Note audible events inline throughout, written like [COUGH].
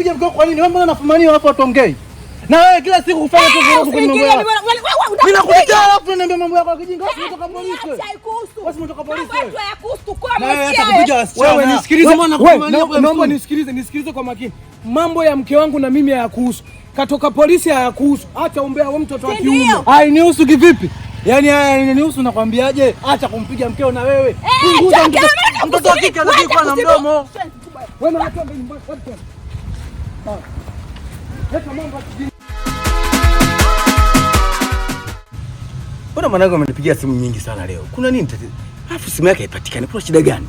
unapiga mkono kwa nini? Wewe mbona unafumania watu ongei? Na wewe kila siku kufanya tu vurugu kwenye mambo yako. Mimi nakupiga alafu unaniambia mambo yako ya kijinga. Wewe unatoka polisi. Wewe unatoka polisi. Wewe atakupiga wasichana. Wewe nisikilize maana nakumania kwa mambo nisikilize, nisikilize kwa makini. Mambo ya mke wangu na mimi hayakuhusu. Katoka polisi hayakuhusu. Acha umbea wewe mtoto wa kiume. Hainihusu kivipi? Yaani, yaani haya yananihusu nakwambiaje? Acha kumpiga mkeo na wewe. Punguza eh, mtoto wa kike anazikuwa na mdomo. Wewe na watu mbaya. Mbona mwanangu amenipigia simu nyingi sana leo? Kuna nini tatizo? Alafu simu yake haipatikani. Kuna shida gani?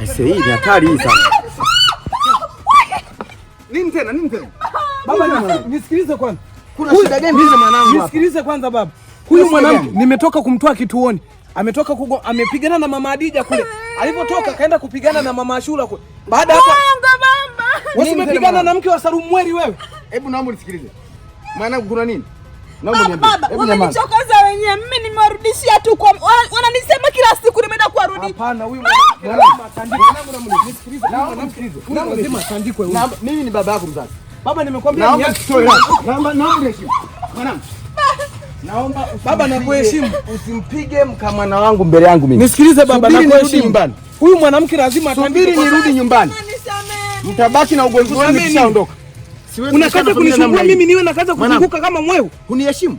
Aise, ah! hii ni hatari hii sana. Nini tena? Nini tena? Baba, nisikilize kwanza. Kuna shida gani mwanangu? Nisikilize kwanza baba. Huyu mwanamke nimetoka kumtoa kituoni ametoka kugo, amepigana na mama Adija kule, alipotoka kaenda kupigana na mama Ashura kule. Baada hapo wewe umepigana na mke wa Sarumweri wewe. Hebu naomba unisikilize, maana kuna nini? Naomba niambie. Baba, wamenichokoza wenyewe. Mimi nimewarudishia tu kwa wananisema kila siku nimeenda kuwarudi. Hapana, huyu Naomba Naomba huyu. mimi ni baba yako mzazi. Baba, nimekwambia niache. Naomba naomba heshima. Mwanangu Naomba baba, na kuheshimu, usimpige mkamwana wangu mbele yangu mimi. Nisikilize baba, nakuheshimu nyumbani. Huyu mwanamke lazima atambiri, nirudi nyumbani, mtabaki na ugonjwa ugomvi wenu kishaondoka. Unakaza kunisumbua mimi niwe na kaza kuzunguka kama mwewe. Uniheshimu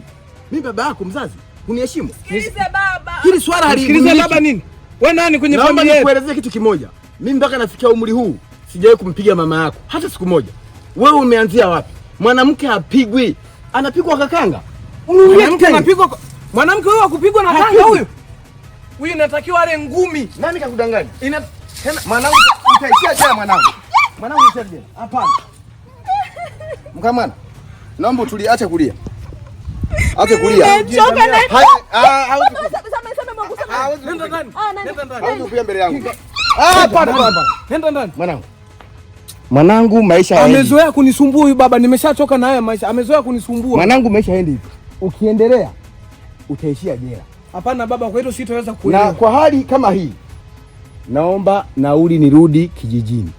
mimi baba yako mzazi, uniheshimu. Nisikilize baba, hili swala Nisikilize baba nini? Wewe nani kwenye familia Naomba nikuelezee kitu kimoja, mimi mpaka nafikia umri huu sijawahi kumpiga mama yako hata siku moja. Wewe umeanzia wapi? Mwanamke hapigwi, anapigwa kakanga Mwanamke huyo akupigwa na kanga huyo. Huyu inatakiwa ale ngumi. Nani kakudanganya? Ina tena mwanangu utaishia tena mwanangu. Mwanangu utaishia jela. Hapana. Mkamana. Naomba tulia, acha kulia. Acha kulia. Choka na. Ah, nenda ndani. Nenda ndani. Hauna kuja mbele yangu. Ah, hapana baba. Nenda ndani. Mwanangu. Mwanangu maisha yaendi. Amezoea kunisumbua huyu baba, nimeshachoka na haya maisha. Amezoea kunisumbua. Mwanangu maisha yaendi hivi ukiendelea utaishia jela. Hapana baba, kwa hilo sitaweza kuelewa. Na kwa hali kama hii, naomba nauli nirudi kijijini,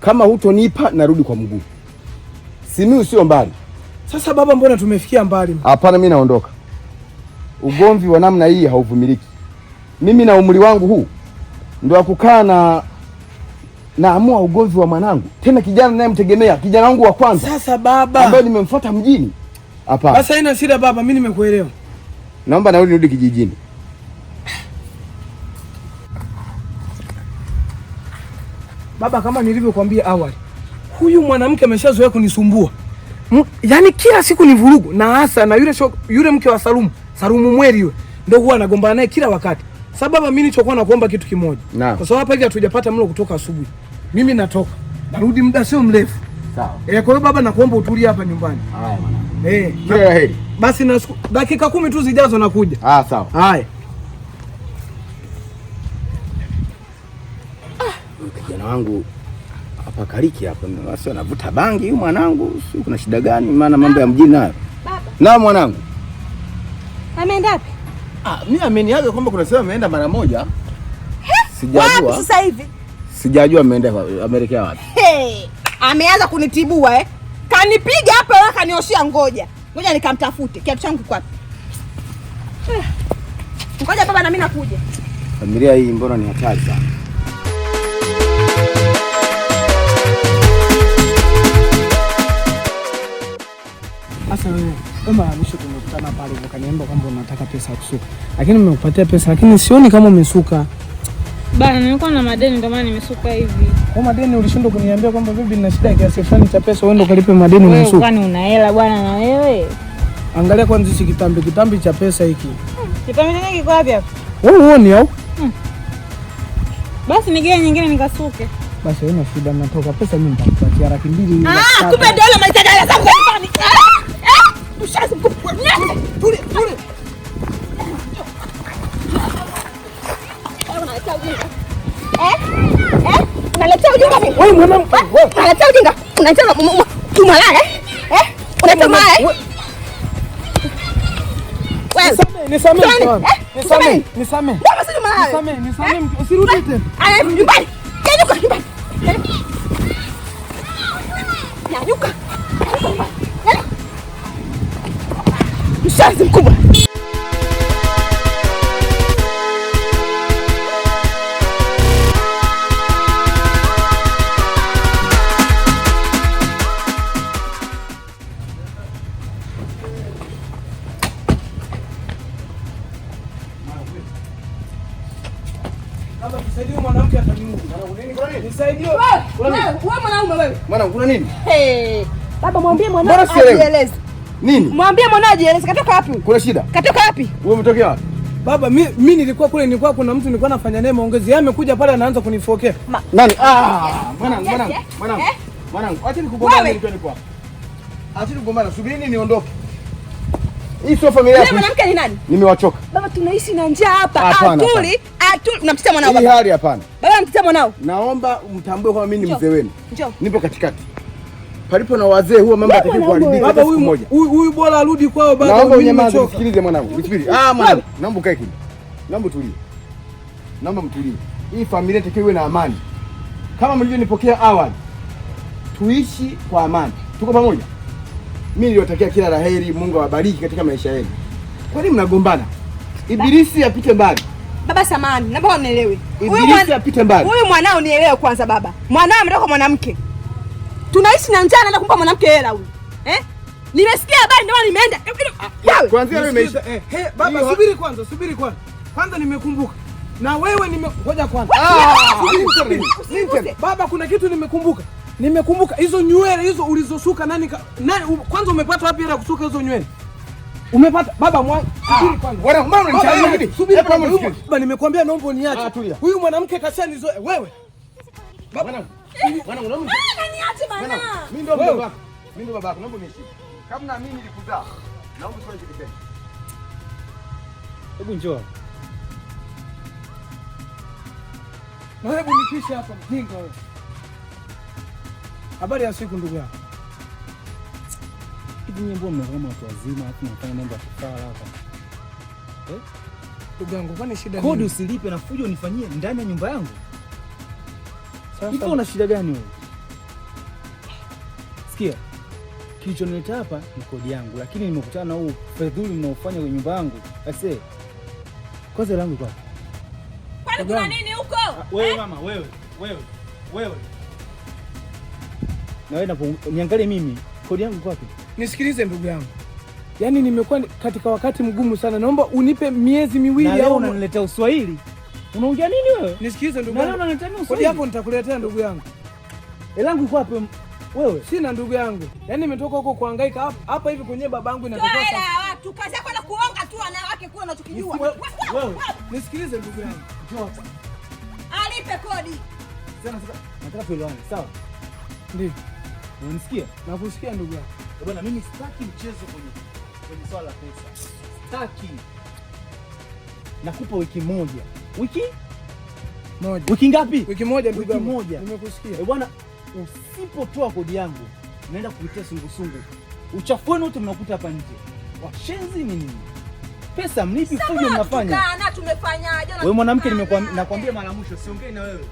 kama hutonipa narudi kwa mguu. Simiyu sio mbali. Sasa baba, mbona tumefikia mbali? Hapana, mimi naondoka. Ugomvi wa namna hii hauvumiliki. Mimi na umri wangu huu ndio wa kukaa na naamua ugomvi wa mwanangu, tena kijana nayemtegemea kijana wangu wa kwanza. Sasa baba, ambaye nimemfuata mjini Hapana. Sasa haina shida baba, mimi nimekuelewa. Naomba nauli nirudi kijijini. Baba, kama nilivyokuambia awali, huyu mwanamke ameshazoea kunisumbua M, yaani kila siku ni vurugu na hasa na yule shok, yule mke wa Salumu, Salumu Mweri yule ndio huwa anagombana naye kila wakati. Sababu mimi nilichokuwa nakuomba kitu kimoja, kwa sababu hapa hivi hatujapata mlo kutoka asubuhi. Mimi natoka narudi muda sio mrefu Sawa. Eh, kwa hiyo baba nakuomba utulie hapa nyumbani. Haya mwanangu. Eh, kila heri. Basi na dakika kumi tu zijazo nakuja. Ah, sawa. Haya. Ah, kijana wangu hapa kaliki hapa wasi anavuta bangi huyu mwanangu, si kuna shida gani? Maana mambo ya mjini nayo. Na mwanangu. Ameenda wapi? Ah, mimi ameniaga kwamba kuna sema ameenda mara moja. Sijajua. Wapi sasa hivi? Sijajua ameenda Amerika wapi. Hey ameanza kunitibua eh. Kanipiga hapo wewe, kanioshia. Ngoja ngoja nikamtafute kiatu changu kwapi. [SIGHS] Ngoja baba, na mimi nakuja. Familia hii mbona ni hatari sana. Sasa wewe kama mwisho tumekutana pale, ukaniambia kwamba unataka pesa ya kusuka, lakini nimekupatia pesa, lakini sioni kama umesuka Bana, nilikuwa na madeni ndio maana nimesuka hivi. Kwa madeni ulishindwa kuniambia kwamba bibi nina shida kiasi fulani cha pesa wewe ndio kalipe madeni na msuka. Kwani una hela bwana na wewe? Angalia kwanza hichi kitambi kitambi cha pesa hiki. Hmm. Kitambi chenye kiko wapi hapo? Wewe uone au? Hmm. Basi nigea nyingine nikasuke. Basi haina shida, natoka pesa mimi nitakupatia laki mbili. Ah, kumbe dola maisha Wewe mwanamke, eh, wewe unaleta ujinga, unaleta kimalaya eh? eh? Unaleta malaya eh? eh? Mshazi mkubwa Mwanangu kuna nini? Baba mwambie mwanao ajieleze. Nini? Mwambie mwanao ajieleze. Katoka wapi? Kuna shida. Katoka wapi? Wewe umetokea wapi? Baba mi, mi nilikuwa kule nilikuwa kuna mtu nilikuwa nafanya naye maongezi. Yeye amekuja pale anaanza kunifokea. Nani? Ah, eh, mwanangu eh, mwanangu eh, mwanangu. Mwanangu, acha nikugombane nilikuwa niko hapa. Acha nikugombana, subiri niondoke. Hii sio familia yako. Mwanamke ni nani? Nimewachoka. Baba tunaishi na njaa hapa. Atuli, atuli. Unamtetea mwanao baba. Hii hali hapana. Baba unamtetea mwanao. Naomba mtambue kwamba mimi ni mzee wenu. Nipo katikati. Palipo na wazee huwa mambo yatakiwa kuharibika. Baba huyu huyu bora arudi kwao baba. Naomba unyamaze, nisikilize mwanangu. Nisubiri. Ah, mwanangu. Naomba ukae kimya. Naomba utulie. Naomba mtulie. Hii familia itakiwa iwe na amani. Kama mlivyonipokea awali. Tuishi kwa amani. Tuko pamoja? mimi niliwatakia kila la heri, Mungu awabariki katika maisha yenu. Kwa nini mnagombana? Ibilisi apite mbali. Baba samani, naomba unielewe. Ibilisi apite mbali. Huyu mwanao nielewe kwanza baba. Mwanao ametoka mwanamke. Tunaishi na njaa na kumpa mwanamke hela huyu. Eh? Nimesikia habari ndio nimeenda. Kwanza ah, leo imeisha. Eh, hey, eh, baba subiri kwanza, subiri kwanza. Kwanza nimekumbuka. Na wewe nime kwanza. Ah, subiri. Baba kuna kitu nimekumbuka. Nimekumbuka hizo nywele hizo ulizosuka nani, nani kwanza umepata wapi hela kusuka hizo nywele? Umepata baba mwa ah, baba, nimekwambia naomba uniache. Ah, Huyu mwanamke kashanizo wewe. Baba bwana unaomba Mimi ndio baba Mimi ndio baba Naomba mimi nilikuzaa. Naomba Hebu njoo. Na hebu nipishe hapa mjinga wewe. Habari ya siku ndugu yangu. Hivi nyinyi mbona mnazama watu wazima hapo mnafanya mambo ya kifara hapa? Eh? Ndugu yangu kwani shida Kodi usilipe na fujo nifanyie ndani ya nyumba yangu. Sasa ipo una shida gani wewe? Sikia. Kilichonileta hapa ni kodi yangu, lakini nimekutana na huu fedhuli mnaofanya kwenye nyumba yangu. Ase. kwanza langu kwa. Kwani kuna nini huko? Ah, wewe eh? mama, wewe, wewe, wewe na wewe niangalie mimi, kodi yangu kwapi? Nisikilize ndugu yangu, yaani nimekuwa katika wakati mgumu sana, naomba unipe miezi miwili au unaniletea uswahili. Unaongea nini wewe? Nisikilize ndugu yangu. Unaniletea uswahili? Kodi yako nitakuletea ndugu yangu. Elangu iko wapi wewe? Sina ndugu yangu, yaani nimetoka huko kuhangaika hapa hivi kwenye babangu na sasa. Watu kazi yako na kuonga tu wanawake kwa tukijua. Wewe nisikilize ndugu yangu. Njoo hapa. Alipe kodi. sasa nataka tuelewane, sawa? Ndio. Unanisikia? Nakusikia ndugu yangu. Bwana mimi sitaki mchezo kwenye kwenye swala la pesa. Sitaki. Nakupa wiki moja. Wiki moja. Wiki ngapi? Wiki moja ndugu yangu. Wiki moja. Nimekusikia. Eh, bwana usipotoa kodi yangu naenda kukutia sungusungu. Uchafu wenu wote mnakuta hapa nje. Washenzi ni nini? Pesa mlipi fujo mnafanya? Wewe mwanamke, nakwambia mara mwisho siongei na wewe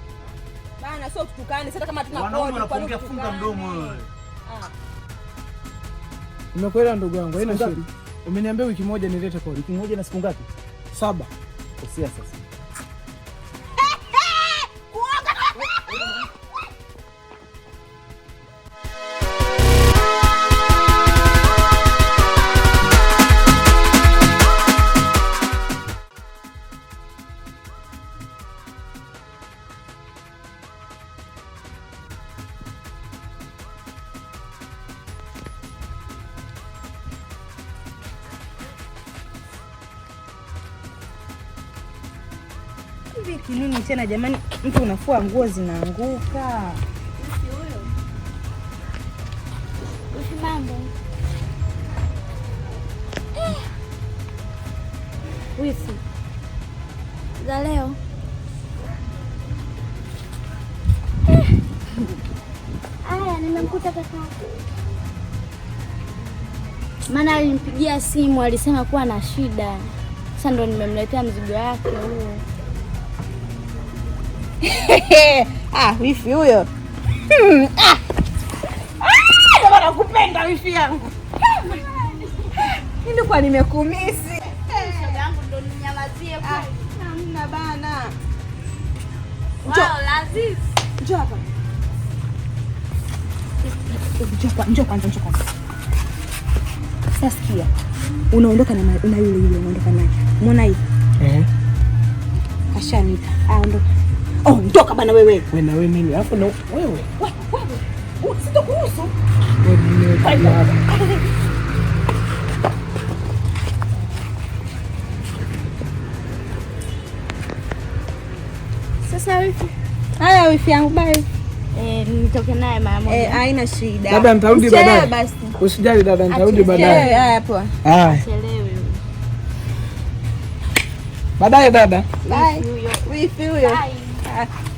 sana, sio tutukane. Sasa kama tuna wanaume wanapoongea funga mdomo wewe. Umekwenda ah. ndugu yangu, haina shida. Umeniambia wiki moja nilete kodi. Wiki moja na siku ngapi? Saba. Kosea sasa. Hivi kinini tena jamani, mtu unafua nguo zinaanguka. Mambo wifi za leo aya, nimemkuta kaka, maana alimpigia simu alisema kuwa na shida. Sasa ndo nimemletea mzigo wake huo. [LAUGHS] Ah, wifi huyo hmm, ah. Ah, nakupenda wifi yangu, nilikuwa nimekumisi ah. hamna bana. Njoo hapa, njoo kwanza, unaondoka na yule yule, unaondoka naye, mwona hivi eh? kashani aondoka Ondoka oh, bana wewe. Wewe na wewe mimi. Alafu na wewe. Sasa wifi. Haya wifi yangu bye. Eh, nitoke naye mara moja. Eh, haina shida. Labda Usijali dada, nitarudi baadaye. Haya poa. Baadaye dada. Bye. Wifi huyo. Bye. Yeah.